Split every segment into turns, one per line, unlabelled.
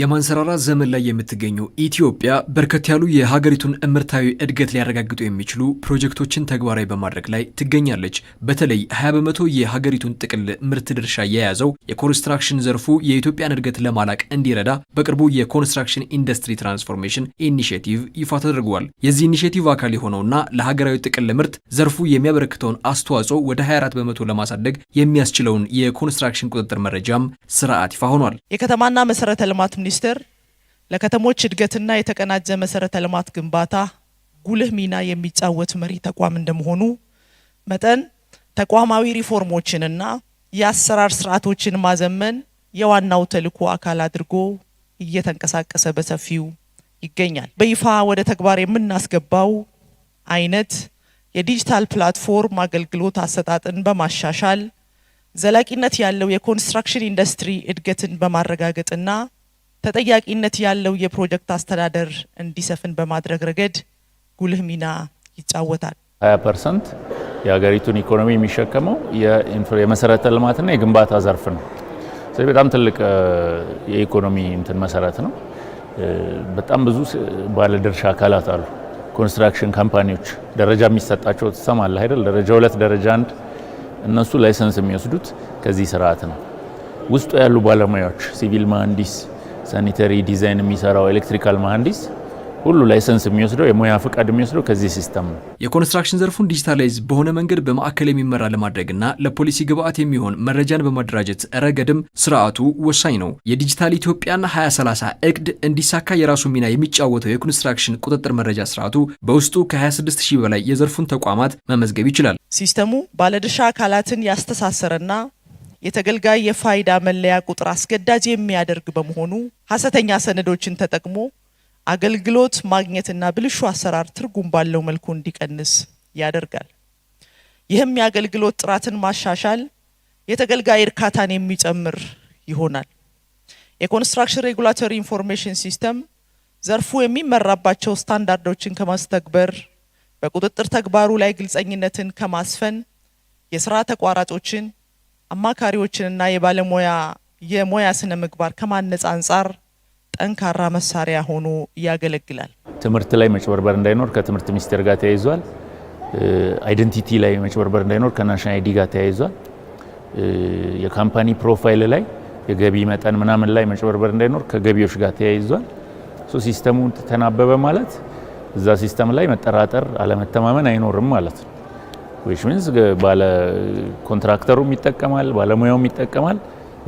የማንሰራራት ዘመን ላይ የምትገኘው ኢትዮጵያ በርከት ያሉ የሀገሪቱን እምርታዊ እድገት ሊያረጋግጡ የሚችሉ ፕሮጀክቶችን ተግባራዊ በማድረግ ላይ ትገኛለች። በተለይ 20 በመቶ የሀገሪቱን ጥቅል ምርት ድርሻ የያዘው የኮንስትራክሽን ዘርፉ የኢትዮጵያን እድገት ለማላቅ እንዲረዳ በቅርቡ የኮንስትራክሽን ኢንዱስትሪ ትራንስፎርሜሽን ኢኒሽቲቭ ይፋ ተደርጓል። የዚህ ኢኒሽቲቭ አካል የሆነውና ለሀገራዊ ጥቅል ምርት ዘርፉ የሚያበረክተውን አስተዋጽኦ ወደ 24 በመቶ ለማሳደግ የሚያስችለውን የኮንስትራክሽን ቁጥጥር መረጃም ስርዓት ይፋ ሆኗል።
የከተማና መሰረተ ልማት ሚኒስትር ለከተሞች እድገትና የተቀናጀ መሰረተ ልማት ግንባታ ጉልህ ሚና የሚጫወት መሪ ተቋም እንደመሆኑ መጠን ተቋማዊ ሪፎርሞችንና የአሰራር ስርዓቶችን ማዘመን የዋናው ተልዕኮ አካል አድርጎ እየተንቀሳቀሰ በሰፊው ይገኛል። በይፋ ወደ ተግባር የምናስገባው አይነት የዲጂታል ፕላትፎርም አገልግሎት አሰጣጥን በማሻሻል ዘላቂነት ያለው የኮንስትራክሽን ኢንዱስትሪ እድገትን በማረጋገጥና ተጠያቂነት ያለው የፕሮጀክት አስተዳደር እንዲሰፍን በማድረግ ረገድ ጉልህ ሚና ይጫወታል።
20 ፐርሰንት የሀገሪቱን ኢኮኖሚ የሚሸከመው የመሰረተ ልማትና የግንባታ ዘርፍ ነው። ስለዚህ በጣም ትልቅ የኢኮኖሚ እንትን መሰረት ነው። በጣም ብዙ ባለድርሻ አካላት አሉ። ኮንስትራክሽን ካምፓኒዎች ደረጃ የሚሰጣቸው ትሰማለህ አይደል? ደረጃ ሁለት፣ ደረጃ አንድ። እነሱ ላይሰንስ የሚወስዱት ከዚህ ስርዓት ነው። ውስጡ ያሉ ባለሙያዎች ሲቪል መሀንዲስ ሳኒተሪ ዲዛይን የሚሰራው ኤሌክትሪካል መሀንዲስ ሁሉ ላይሰንስ የሚወስደው የሙያ ፈቃድ የሚወስደው ከዚህ ሲስተም ነው።
የኮንስትራክሽን ዘርፉን ዲጂታላይዝ በሆነ መንገድ በማዕከል የሚመራ ለማድረግና ለፖሊሲ ግብዓት የሚሆን መረጃን በማደራጀት ረገድም ስርዓቱ ወሳኝ ነው። የዲጂታል ኢትዮጵያን 2030 እቅድ እንዲሳካ የራሱ ሚና የሚጫወተው የኮንስትራክሽን ቁጥጥር መረጃ ስርዓቱ በውስጡ ከ26 ሺህ በላይ የዘርፉን ተቋማት መመዝገብ ይችላል።
ሲስተሙ ባለድርሻ አካላትን ያስተሳሰረና የተገልጋይ የፋይዳ መለያ ቁጥር አስገዳጅ የሚያደርግ በመሆኑ ሐሰተኛ ሰነዶችን ተጠቅሞ አገልግሎት ማግኘትና ብልሹ አሰራር ትርጉም ባለው መልኩ እንዲቀንስ ያደርጋል። ይህም የአገልግሎት ጥራትን ማሻሻል፣ የተገልጋይ እርካታን የሚጨምር ይሆናል። የኮንስትራክሽን ሬጉላቶሪ ኢንፎርሜሽን ሲስተም ዘርፉ የሚመራባቸው ስታንዳርዶችን ከማስተግበር በቁጥጥር ተግባሩ ላይ ግልጸኝነትን ከማስፈን የስራ ተቋራጮችን አማካሪዎችንና የባለሙያ የሙያ ስነ ምግባር ከማነጽ አንጻር ጠንካራ መሳሪያ ሆኖ ያገለግላል።
ትምህርት ላይ መጭበርበር እንዳይኖር ከትምህርት ሚኒስቴር ጋር ተያይዟል። አይደንቲቲ ላይ መጭበርበር እንዳይኖር ከናሽናል አይዲ ጋር ተያይዟል። የካምፓኒ ፕሮፋይል ላይ የገቢ መጠን ምናምን ላይ መጭበርበር እንዳይኖር ከገቢዎች ጋር ተያይዟል። ሲስተሙ ተናበበ ማለት እዛ ሲስተም ላይ መጠራጠር፣ አለመተማመን አይኖርም ማለት ነው። ዊች ሚንስ ባለ ኮንትራክተሩም ይጠቀማል፣ ባለሙያውም ይጠቀማል።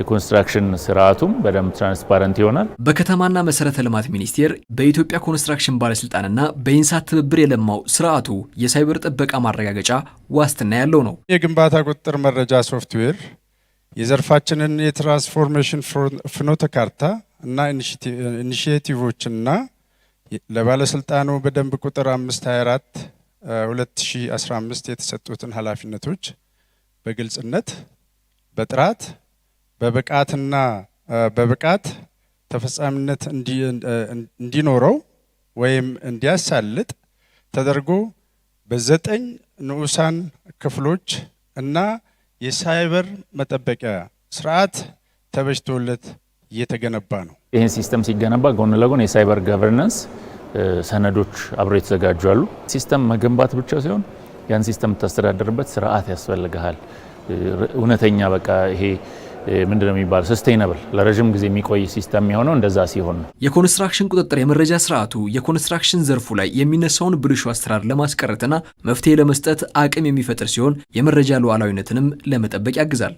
የኮንስትራክሽን ስርዓቱም በደንብ ትራንስፓረንት ይሆናል።
በከተማና መሰረተ ልማት ሚኒስቴር በኢትዮጵያ ኮንስትራክሽን ባለስልጣንና በኢንሳት ትብብር የለማው ስርዓቱ የሳይበር ጥበቃ ማረጋገጫ ዋስትና ያለው ነው።
የግንባታ ቁጥጥር መረጃ ሶፍትዌር የዘርፋችንን የትራንስፎርሜሽን ፍኖተ ካርታ እና ኢኒሽቲቮችና ለባለስልጣኑ በደንብ ቁጥር 524 2015 የተሰጡትን ኃላፊነቶች በግልጽነት በጥራት በብቃትና በብቃት ተፈጻሚነት እንዲኖረው ወይም እንዲያሳልጥ ተደርጎ በዘጠኝ ንዑሳን ክፍሎች እና የሳይበር መጠበቂያ ስርዓት ተበጅቶለት እየተገነባ ነው።
ይህን ሲስተም ሲገነባ ጎን ለጎን የሳይበር ገቨርነንስ ሰነዶች አብረው የተዘጋጁ አሉ። ሲስተም መገንባት ብቻ ሲሆን ያን ሲስተም የምታስተዳደርበት ስርዓት ያስፈልግሃል። እውነተኛ በቃ ይሄ ምንድነው የሚባል ስስቴይነብል ለረዥም ጊዜ የሚቆይ ሲስተም የሚሆነው እንደዛ ሲሆን ነው።
የኮንስትራክሽን ቁጥጥር የመረጃ ስርዓቱ የኮንስትራክሽን ዘርፉ ላይ የሚነሳውን ብልሹ አሰራር ለማስቀረትና መፍትሄ ለመስጠት አቅም የሚፈጥር ሲሆን የመረጃ ሉዓላዊነትንም ለመጠበቅ ያግዛል።